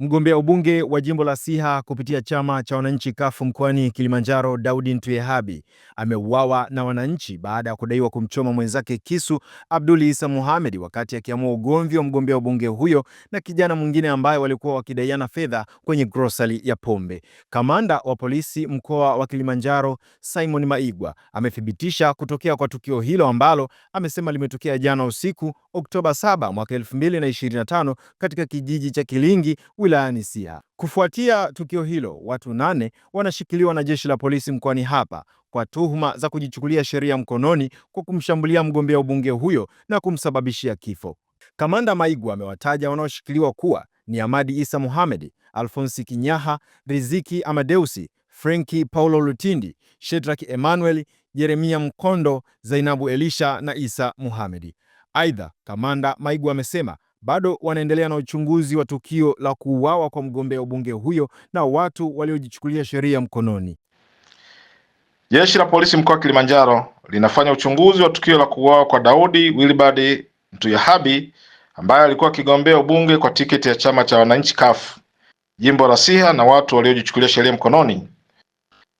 Mgombea ubunge wa jimbo la Siha kupitia chama cha wananchi kafu mkoani Kilimanjaro, Daudi Ntuyehabi ameuawa na wananchi baada ya kudaiwa kumchoma mwenzake kisu Abdul Isa Mohamed wakati akiamua ugomvi wa mgombea ubunge huyo na kijana mwingine ambaye walikuwa wakidaiana fedha kwenye grocery ya pombe. Kamanda wa polisi mkoa wa Kilimanjaro, Simon Maigwa amethibitisha kutokea kwa tukio hilo ambalo amesema limetokea jana usiku Oktoba 7 mwaka 2025 katika kijiji cha Kilingi wilayani Siha. Kufuatia tukio hilo, watu nane wanashikiliwa na jeshi la polisi mkoani hapa kwa tuhuma za kujichukulia sheria mkononi kwa kumshambulia mgombea ubunge huyo na kumsababishia kifo. Kamanda Maigu amewataja wanaoshikiliwa kuwa ni Amadi Isa Mohamed, Alfonsi Kinyaha, Riziki Amadeusi, Frenki Paulo Lutindi, Shedrack Emmanuel, Jeremia Mkondo, Zainabu Elisha na Isa Mohamed. Aidha, Kamanda Maigu amesema bado wanaendelea na uchunguzi wa tukio la kuuawa kwa mgombea ubunge huyo na watu waliojichukulia sheria mkononi. Jeshi la polisi mkoa wa Kilimanjaro linafanya uchunguzi wa tukio la kuuawa kwa Daudi Wilbard Ntuyehabi ambaye alikuwa akigombea ubunge kwa tiketi ya chama cha wananchi CUF jimbo la Siha na watu waliojichukulia sheria mkononi.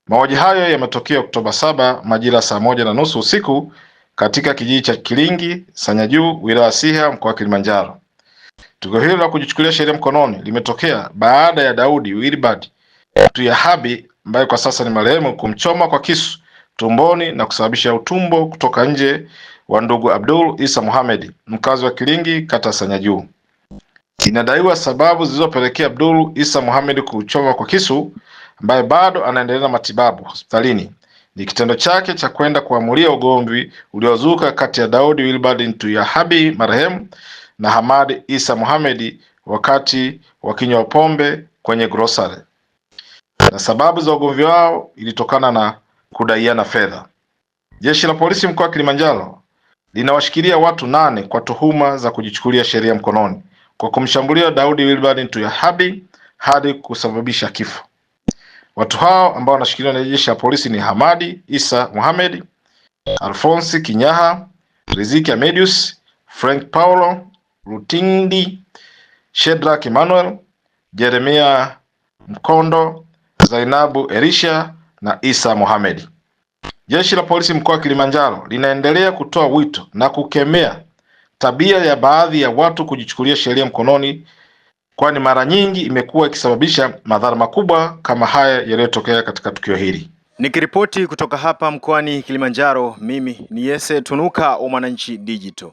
Mauaji hayo yametokea Oktoba saba majira saa moja na nusu usiku katika kijiji cha Kilingi Sanyajuu wilaya Siha mkoa wa Kilimanjaro. Tukio hilo la kujichukulia sheria mkononi limetokea baada ya Daudi Wilbard Tuyahabi ambaye kwa sasa ni marehemu kumchoma kwa kisu tumboni na kusababisha utumbo kutoka nje wa ndugu Abdul Isa Mohamed mkazi wa Kilingi kata Sanya Juu. Inadaiwa sababu zilizopelekea Abdul Isa Mohamed kuchoma kwa kisu ambaye bado anaendelea na matibabu hospitalini ni kitendo chake cha kwenda kuamulia ugomvi uliozuka kati ya Daudi Wilbard Tuyahabi marehemu na Hamad Isa Mohamed wakati wakinywa pombe kwenye grocery, na sababu za ugomvi wao ilitokana na kudaiana fedha. Jeshi la polisi mkoa wa Kilimanjaro linawashikilia watu nane kwa tuhuma za kujichukulia sheria mkononi kwa kumshambulia Daudi Wilbard Ntuyahadi hadi kusababisha kifo. Watu hao ambao wanashikiliwa na jeshi la polisi ni Hamadi Isa Mohamed, Alfonsi Kinyaha, Riziki Amedius, Frank Paulo, Rutindi, Shedrack Emmanuel, Jeremia Mkondo, Zainabu Elisha na Isa Mohamed. Jeshi la Polisi mkoa wa Kilimanjaro linaendelea kutoa wito na kukemea tabia ya baadhi ya watu kujichukulia sheria mkononi, kwani mara nyingi imekuwa ikisababisha madhara makubwa kama haya yaliyotokea katika tukio hili. Nikiripoti kutoka hapa mkoani Kilimanjaro, mimi ni Yese Tunuka wa Mwananchi Digital.